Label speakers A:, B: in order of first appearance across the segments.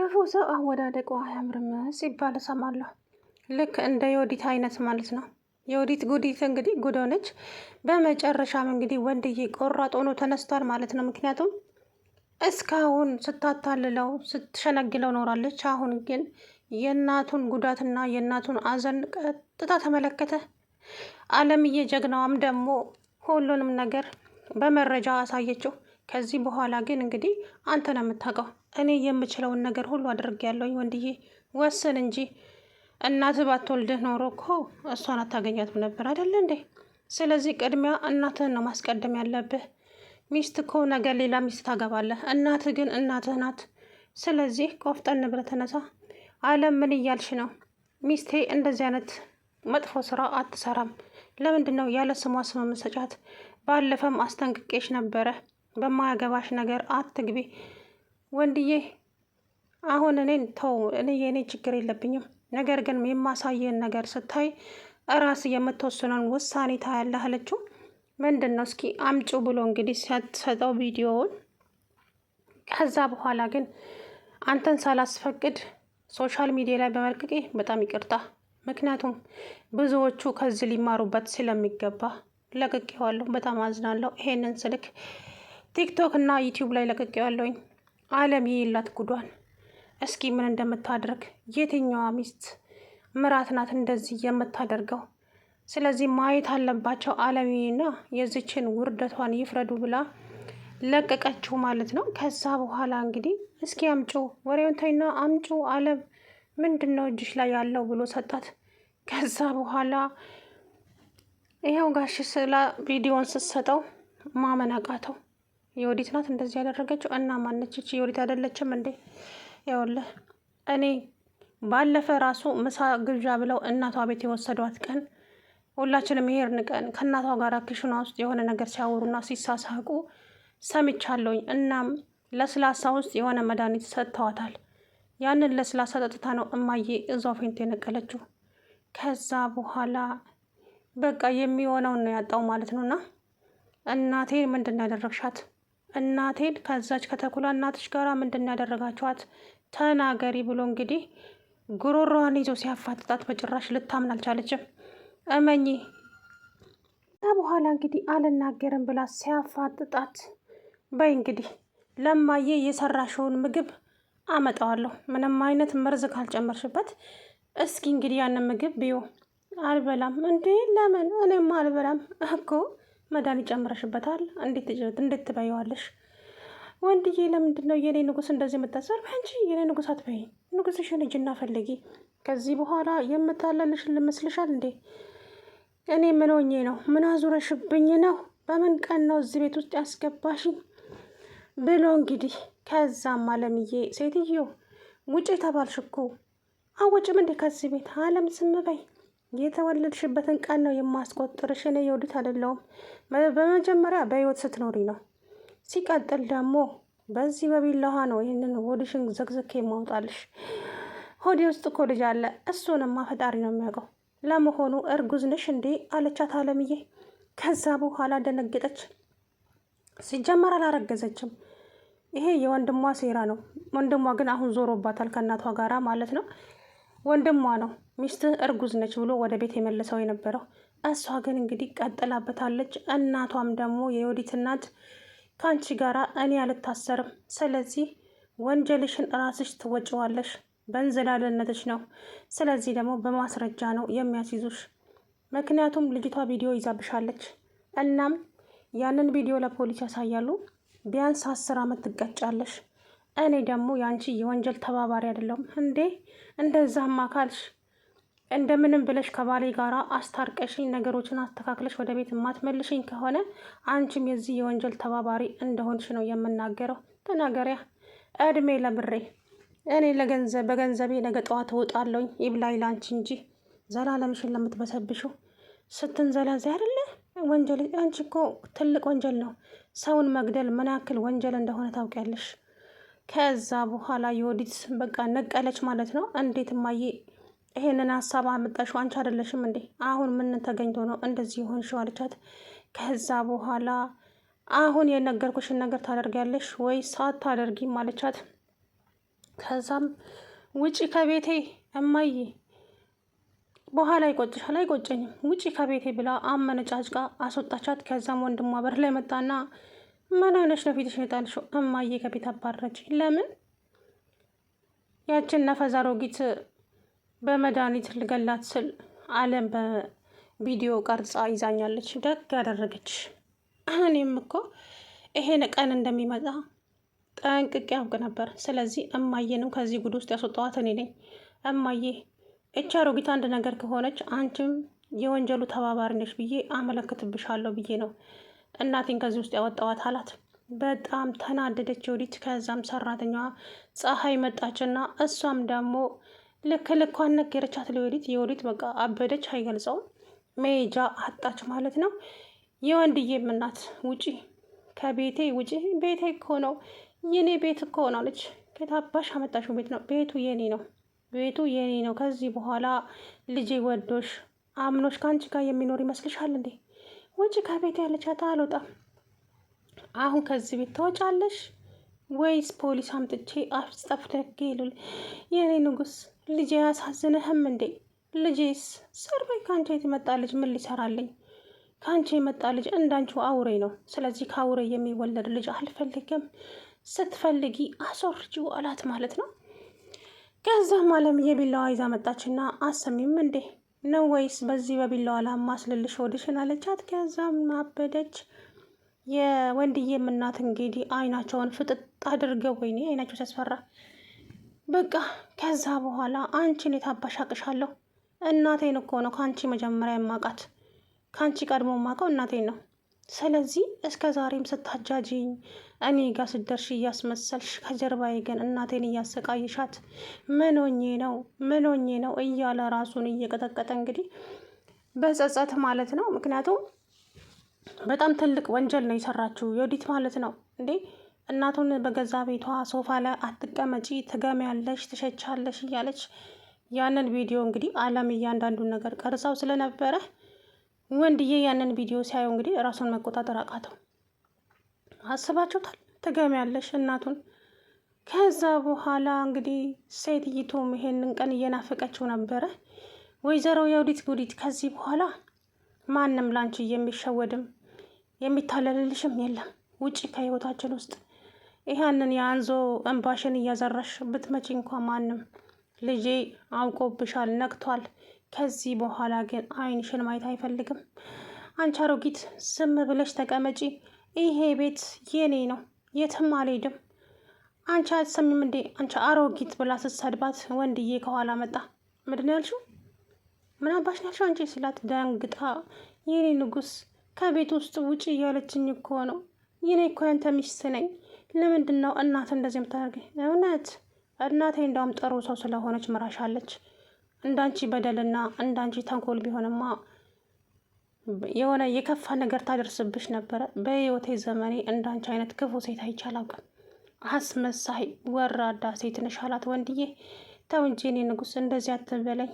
A: ክፉ ሰው አወዳደቁ አያምርም ሲባል እሰማለሁ። ልክ እንደ የወዲት አይነት ማለት ነው። የወዲት ጉዲት እንግዲህ ጉዶነች። በመጨረሻም እንግዲህ ወንድዬ ቆራጥ ሆኖ ተነስቷል ማለት ነው። ምክንያቱም እስካሁን ስታታልለው ስትሸነግለው ኖራለች። አሁን ግን የእናቱን ጉዳትና የእናቱን አዘን ቀጥታ ተመለከተ። አለምዬ ጀግናዋም ደግሞ ሁሉንም ነገር በመረጃ አሳየችው። ከዚህ በኋላ ግን እንግዲህ አንተ ነው የምታውቀው። እኔ የምችለውን ነገር ሁሉ ያለውኝ ወንድዬ፣ ወስን እንጂ። እናት ባትወልድህ ኖሮ እኮ እሷን አታገኛትም ነበር አይደለ እንዴ? ስለዚህ ቅድሚያ እናትህን ነው ማስቀደም ያለብህ። ሚስት እኮ ነገር ሌላ ሚስት ታገባለህ። እናትህ ግን እናትህ ናት። ስለዚህ ቆፍጠን ብለህ ተነሳ። አለም ምን እያልሽ ነው? ሚስቴ እንደዚህ አይነት መጥፎ ስራ አትሰራም። ለምንድን ነው ያለ ስሟ ስም መሰጫት? ባለፈም አስጠንቅቄሽ ነበረ። በማያገባሽ ነገር አትግቢ። ወንድዬ አሁን እኔን ተው፣ እኔ የእኔ ችግር የለብኝም። ነገር ግን የማሳየን ነገር ስታይ እራስ የምትወስነውን ውሳኔ ታያለህ አለችው። ምንድን ነው እስኪ አምጩ ብሎ እንግዲህ ሰጠው ቪዲዮውን። ከዛ በኋላ ግን አንተን ሳላስፈቅድ ሶሻል ሚዲያ ላይ በመልቀቄ በጣም ይቅርታ፣ ምክንያቱም ብዙዎቹ ከዚህ ሊማሩበት ስለሚገባ ለቅቄዋለሁ። በጣም አዝናለሁ። ይሄንን ስልክ ቲክቶክ እና ዩቲዩብ ላይ ለቅቄዋለሁኝ። አለም ይላት ጉዷን። እስኪ ምን እንደምታደርግ የትኛዋ ሚስት ምራት ናት እንደዚህ የምታደርገው? ስለዚህ ማየት አለባቸው አለምዬና የዚችን ውርደቷን ይፍረዱ ብላ ለቀቀችው ማለት ነው። ከዛ በኋላ እንግዲህ እስኪ አምጩ ወሬውን ተይና አምጩ አለም ምንድን ነው እጅሽ ላይ ያለው ብሎ ሰጣት። ከዛ በኋላ ይኸው ጋሽ ስላ ቪዲዮን ስትሰጠው ማመን አቃተው። የወዲት ናት እንደዚህ ያደረገችው እና ማነችች? የወዲት አይደለችም እንዴ? ይኸውልህ እኔ ባለፈ ራሱ ምሳ ግብዣ ብለው እናቷ ቤት የወሰዷት ቀን ሁላችንም ይሄድን ቀን ከእናቷ ጋር ክሽኗ ውስጥ የሆነ ነገር ሲያወሩና ሲሳሳቁ ሰምቻለሁኝ። እናም ለስላሳ ውስጥ የሆነ መድኃኒት ሰጥተዋታል። ያንን ለስላሳ ጠጥታ ነው እማዬ እዛው ፌንት የነቀለችው። ከዛ በኋላ በቃ የሚሆነውን ነው ያጣው ማለት ነውና እናቴ ምንድን ያደረግሻት? እናቴን ከዛች ከተኩላ እናትሽ ጋር ምንድን ያደረጋችኋት ተናገሪ ብሎ እንግዲህ ጉሮሮዋን ይዞ ሲያፋጥጣት በጭራሽ ልታምን አልቻለችም። እመኚ በኋላ እንግዲህ አልናገርም ብላ ሲያፋጥጣት፣ በይ እንግዲህ ለማዬ የሰራሽውን ምግብ አመጣዋለሁ ምንም አይነት መርዝ ካልጨመርሽበት። እስኪ እንግዲህ ያንን ምግብ ብዩ። አልበላም እንዴ? ለምን? እኔም አልበላም እኮ መድኃኒት ጨምረሽበታል። እንዴት ትበይዋለሽ? ወንድዬ ለምንድን ነው የኔ ንጉስ እንደዚህ የምታዘር? አንቺ የኔ ንጉስ አትበይ። ንጉስሽን ሂጂና ፈልጊ። ከዚህ በኋላ የምታለልሽ ልመስልሻል እንዴ? እኔ ምን ሆኜ ነው? ምን አዙረሽብኝ ነው? በምን ቀን ነው እዚህ ቤት ውስጥ ያስገባሽኝ? ብሎ እንግዲህ ከዛም አለምዬ ሴትዮ ውጪ ተባልሽ እኮ አወጭም እንዴ ከዚህ ቤት አለም ስም በይ የተወለድሽበትን ቀን ነው የማስቆጥርሽ። እኔ የወዱት አይደለውም። በመጀመሪያ በህይወት ስትኖሪ ነው። ሲቀጥል ደግሞ በዚህ በቢላዋ ነው ይህንን ሆድሽን ዘግዘኬ የማውጣልሽ። ሆዴ ውስጥ እኮ ልጅ አለ። እሱንማ ፈጣሪ ነው የሚያውቀው። ለመሆኑ እርጉዝ ነሽ እንዴ? አለቻት አለምዬ። ከዛ በኋላ ደነገጠች። ሲጀመር አላረገዘችም። ይሄ የወንድሟ ሴራ ነው። ወንድሟ ግን አሁን ዞሮባታል ከእናቷ ጋራ ማለት ነው። ወንድሟ ነው ሚስት እርጉዝ ነች ብሎ ወደ ቤት የመለሰው የነበረው። እሷ ግን እንግዲህ ቀጥላበታለች። እናቷም ደግሞ የዮዲት እናት ከአንቺ ጋራ እኔ አልታሰርም፣ ስለዚህ ወንጀልሽን ራስሽ ትወጭዋለሽ፣ በእንዝላልነትሽ ነው። ስለዚህ ደግሞ በማስረጃ ነው የሚያስይዙሽ፣ ምክንያቱም ልጅቷ ቪዲዮ ይዛብሻለች። እናም ያንን ቪዲዮ ለፖሊስ ያሳያሉ። ቢያንስ አስር ዓመት ትቀጫለሽ። እኔ ደግሞ የአንቺ የወንጀል ተባባሪ አይደለሁም እንዴ። እንደዛማ ካልሽ እንደምንም ብለሽ ከባሌ ጋር አስታርቀሽኝ ነገሮችን አስተካክለሽ ወደ ቤት የማትመልሽኝ ከሆነ አንቺም የዚህ የወንጀል ተባባሪ እንደሆንሽ ነው የምናገረው። ተናገሪያ። እድሜ ለብሬ እኔ ለገንዘብ በገንዘቤ ነገ ጠዋት እወጣለሁኝ። ይብላኝ ለአንቺ እንጂ ዘላለምሽን ለምትበሰብሽው ስትንዘላዘ አይደለ ወንጀል። አንቺ እኮ ትልቅ ወንጀል ነው። ሰውን መግደል ምን ያክል ወንጀል እንደሆነ ታውቂያለሽ። ከዛ በኋላ የወዲት በቃ ነቀለች ማለት ነው። እንዴት እማዬ ይሄንን ሀሳብ አመጣሽ አንቺ አይደለሽም እንዴ? አሁን ምን ተገኝቶ ነው እንደዚህ የሆንሽው አለቻት። ከዛ በኋላ አሁን የነገርኩሽን ነገር ታደርጊያለሽ ወይ አታደርጊም አለቻት። ከዛም ውጪ ከቤቴ እማዬ በኋላ ይቆጭሻል። አይቆጨኝም፣ ውጪ ከቤቴ ብላ አመነጫጭቃ አስወጣቻት። ከዛም ወንድሟ በር ላይ መጣና ምን ሆነሽ ነው ፊትሽ የጣልሽው? እማዬ ከቤት አባረች። ለምን? ያችን ነፈዛ አሮጊት በመድኃኒት ልገላት ስል አለም በቪዲዮ ቀርጻ ይዛኛለች። ደግ ያደረገች። እኔም እኮ ይሄን ቀን እንደሚመጣ ጠንቅቄ አውቅ ነበር። ስለዚህ እማዬንም ከዚህ ጉድ ውስጥ ያስወጣዋት እኔ ነኝ። እማዬ እቺ አሮጊት አንድ ነገር ከሆነች አንቺም የወንጀሉ ተባባሪ ነሽ ብዬ አመለክትብሻለሁ ብዬ ነው እናቴን ከዚህ ውስጥ ያወጣዋት አላት። በጣም ተናደደች ዮዲት። ከዛም ሰራተኛዋ ፀሐይ መጣችና እሷም ደግሞ ልክ ልኳን ነገረቻት ለዮዲት። ዮዲት በቃ አበደች፣ አይገልጸውም መሄጃ አጣች ማለት ነው። የወንድዬም እናት ውጪ ከቤቴ ውጪ፣ ቤቴ እኮ ነው የኔ ቤት እኮ ነው አለች። ከታባሽ አመጣሽው ቤት ነው ቤቱ የኔ ነው ቤቱ የኔ ነው። ከዚህ በኋላ ልጄ ወዶሽ አምኖሽ ከአንቺ ጋር የሚኖር ይመስልሻል እንዴ? ውጭ ከቤት ያለቻት አልወጣም። አሁን ከዚህ ቤት ትወጫለሽ ወይስ ፖሊስ አምጥቼ አስጠፍደግ ይሉል? የኔ ንጉስ ልጄ ያሳዝንህም እንዴ? ልጄስ ሰርበኝ ከአንቺ የትመጣ ልጅ ምን ሊሰራልኝ? ከአንቺ የመጣ ልጅ እንዳንቺ አውሬ ነው። ስለዚህ ከአውሬ የሚወለድ ልጅ አልፈልግም። ስትፈልጊ አስወርጂው አላት ማለት ነው። ከዛም አለምዬ ቢላዋ ይዛ መጣችና አሰሚም እንዴ ነው ወይስ በዚህ በቢላዋ ላማስልልሽ ሆድሽን አለቻት። ከዛም አበደች። የወንድዬም እናት እንግዲህ አይናቸውን ፍጥጥ አድርገው ወይኔ አይናቸው ሲያስፈራ በቃ ከዛ በኋላ አንቺን የታባሻቅሻለሁ እናቴን እኮ ነው ከአንቺ መጀመሪያ የማውቃት ከአንቺ ቀድሞ የማውቀው እናቴን ነው ስለዚህ እስከ ዛሬም ስታጃጅኝ እኔ ጋር ስደርሽ እያስመሰልሽ ከጀርባዬ ግን እናቴን እያሰቃይሻት ምኖኜ ነው ምኖኜ ነው እያለ ራሱን እየቀጠቀጠ እንግዲህ በጸጸት ማለት ነው። ምክንያቱም በጣም ትልቅ ወንጀል ነው የሰራችው የወዲት ማለት ነው እንዴ እናቱን በገዛ ቤቷ ሶፋ ላይ አትቀመጪ፣ ትገሚያለሽ፣ ትሸቻለሽ እያለች ያንን ቪዲዮ እንግዲህ አለም እያንዳንዱን ነገር ቀርጻው ስለነበረ ወንድዬ ያንን ቪዲዮ ሲያየው እንግዲህ ራሱን መቆጣጠር አቃተው። አስባችሁታል? ትገሚያለሽ እናቱን። ከዛ በኋላ እንግዲህ ሴትይቱም ይሄንን ቀን እየናፈቀችው ነበረ። ወይዘሮ የውዲት ጉዲት ከዚህ በኋላ ማንም ላንቺ የሚሸወድም የሚታለልልሽም የለም ውጪ ከህይወታችን ውስጥ ይህንን የአንዞ እንባሽን እያዘራሽ ብትመጪ እንኳ ማንም ልጄ አውቆብሻል፣ ነቅቷል ከዚህ በኋላ ግን አይንሽን ማየት አይፈልግም። አንቺ አሮጊት ዝም ብለሽ ተቀመጪ። ይሄ ቤት የኔ ነው፣ የትም አልሄድም። አንቺ አትሰሚም እንዴ? አንቺ አሮጊት ብላ ስትሰድባት ወንድዬ ከኋላ መጣ። ምንድን ነው ያልሽው? ምን አባሽ ያልሽው አንቺ ሲላት ደንግጣ የኔ ንጉስ ከቤት ውስጥ ውጪ እያለችኝ እኮ ነው። ይኔ እኮ ያንተ ሚስት ነኝ። ለምንድን ነው እናት እንደዚህ የምታደርገኝ? እውነት እናቴ እንዳውም ጥሩ ሰው ስለሆነች ምራሻለች። እንዳንቺ በደልና እንዳንቺ ተንኮል ቢሆንማ የሆነ የከፋ ነገር ታደርስብሽ ነበረ። በህይወቴ ዘመኔ እንዳንቺ አይነት ክፉ ሴት አይቼ አላውቅም። አስመሳይ ወራዳ ሴት ነሽ አላት ወንድዬ። ተው እንጂ እኔ ንጉስ እንደዚህ አትበለኝ፣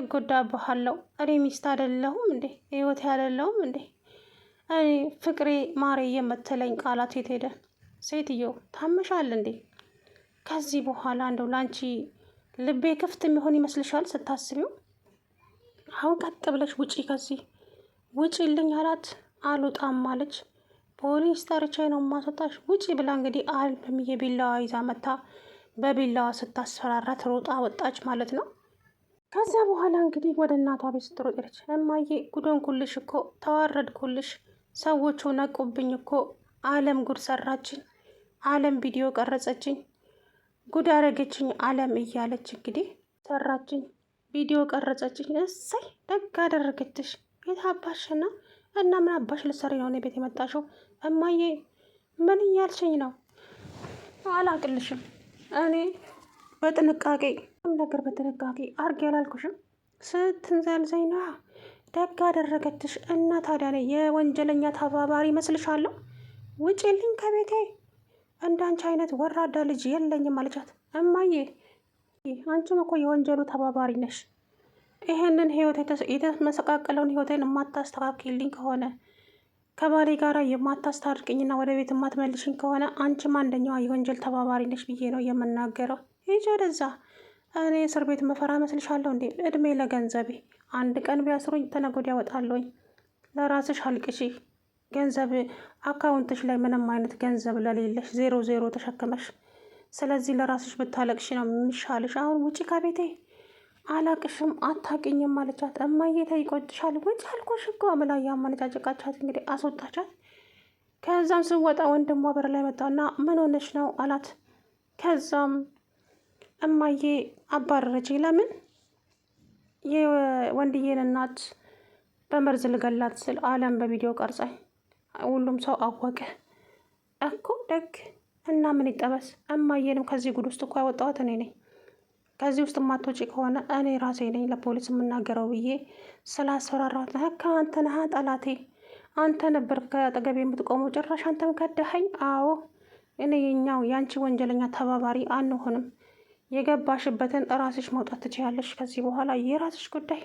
A: እጎዳብሃለሁ። እኔ ሚስት አይደለሁም እንዴ? ህይወቴ አይደለሁም እንዴ? እኔ ፍቅሬ ማሬ የምትለኝ ቃላት የት ሄደ? ሴትዮ ታመሻል እንዴ? ከዚህ በኋላ እንደው ላንቺ ልቤ ክፍት የሚሆን ይመስልሻል ስታስቢው? አሁን ቀጥ ብለሽ ውጪ ከዚህ ውጪ ልኝ አላት። አልወጣም አለች። ፖሊስ ጠርቼ ነው ማስወጣሽ ውጪ ብላ እንግዲህ አልምም የቢላዋ ይዛ መታ በቢላዋ ስታስፈራራት ሮጣ ወጣች ማለት ነው። ከዚያ በኋላ እንግዲህ ወደ እናቷ ቤት ስትሮጥ እማዬ እማዬ ኩልሽ እኮ ኩልሽ ሰዎቹ ነቁብኝ እኮ አለም ጉድ ሰራችኝ፣ አለም ቪዲዮ ቀረጸችኝ፣ ጉድ አረገችኝ አለም እያለች እንግዲህ ሰራችኝ፣ ቪዲዮ ቀረጸችኝ፣ እሰይ ደግ አደረገችሽ። የት አባሽና እና ምን አባሽ ልትሰሪ ነው ቤት የመጣሽው? እማዬ ምን እያልሽኝ ነው? አላቅልሽም እኔ በጥንቃቄ ነገር በጥንቃቄ አርግ ያላልኩሽም ስትንዘልዘኝ ነዋ። ደግ አደረገችሽ እና ታዲያ የወንጀለኛ ተባባሪ መስልሻለሁ? ውጪልኝ ከቤቴ እንዳንቺ አይነት ወራዳ ልጅ የለኝም አለቻት። እማዬ አንቺም እኮ የወንጀሉ ተባባሪ ነሽ። ይሄንን ህይወት የተመሰቃቀለውን ህይወትን የማታስተካክልኝ ከሆነ ከባሌ ጋራ የማታስታርቅኝና ወደ ቤት የማትመልሽኝ ከሆነ አንቺም አንደኛዋ የወንጀል ተባባሪ ነሽ ብዬ ነው የምናገረው። ሂጂ ወደዛ። እኔ እስር ቤት መፈራ መስልሻለሁ እንዴ? እድሜ ለገንዘቤ። አንድ ቀን ቢያስሩኝ ተነጎድ ያወጣለኝ። ለራስሽ አልቅሽ። ገንዘብ አካውንትሽ ላይ ምንም አይነት ገንዘብ ለሌለሽ ዜሮ ዜሮ ተሸክመሽ፣ ስለዚህ ለራስሽ ብታለቅሽ ነው የሚሻልሽ። አሁን ውጪ ከቤቴ አላቅሽም አታቂኝም አለቻት። እማዬ ተይ ይቆጭሻል፣ ውጪ አልኮሽ እኮ ብላ ያመነጫጨቃቻት። እንግዲህ አስወጣቻት። ከዛም ስወጣ ወንድሟ በር ላይ መጣና ምን ሆነሽ ነው አላት። ከዛም እማዬ አባረረች። ለምን የወንድዬን እናት በመርዝ ልገላት ስል አለም በቪዲዮ ቀርጻኝ ሁሉም ሰው አወቀ እኮ ደግ እና ምን ይጠበስ። እማየንም ከዚህ ጉድ ውስጥ እኮ ያወጣዋት እኔ ነኝ። ከዚህ ውስጥ ማትወጪ ከሆነ እኔ ራሴ ነኝ ለፖሊስ የምናገረው ብዬ ስላስፈራራት ነህ። አንተ ነህ ጠላቴ፣ አንተ ነበር ከጠገቤ የምትቆመው። ጭራሽ አንተም ከደኸኝ። አዎ እኔ የኛው የአንቺ ወንጀለኛ ተባባሪ አንሆንም። የገባሽበትን ራስሽ መውጣት ትችያለሽ። ከዚህ በኋላ የራስሽ ጉዳይ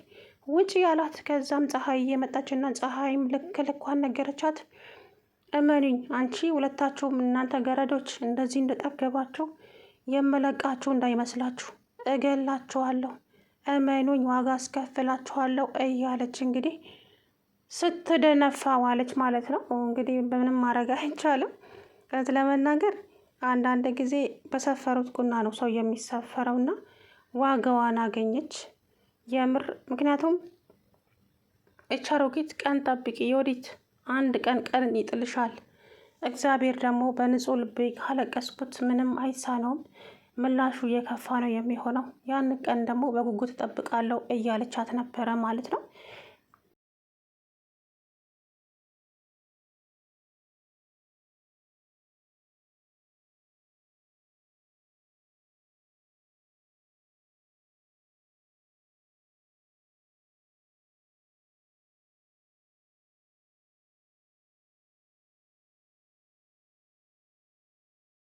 A: ውጭ ያላት። ከዛም ፀሐይ የመጣችና ፀሐይም ልክ ልኳን ነገረቻት። እመኑኝ አንቺ ሁለታችሁም እናንተ ገረዶች እንደዚህ እንደጠገባችሁ የመለቃችሁ እንዳይመስላችሁ እገላችኋለሁ፣ እመኑኝ ዋጋ አስከፍላችኋለሁ እያለች እንግዲህ ስትደነፋ ዋለች ማለት ነው። እንግዲህ በምንም ማድረግ አይቻልም። ከዚ ለመናገር አንዳንድ ጊዜ በሰፈሩት ቁና ነው ሰው የሚሰፈረው እና ዋጋዋን አገኘች። የምር ምክንያቱም እች አሮጊት ቀን ጠብቂ የወዲት አንድ ቀን ቀን ይጥልሻል። እግዚአብሔር ደግሞ በንጹህ ልቤ ካለቀስኩት ምንም አይሳነውም፣ ምላሹ የከፋ ነው የሚሆነው። ያን ቀን ደግሞ በጉጉት እጠብቃለሁ እያለቻት ነበረ ማለት ነው።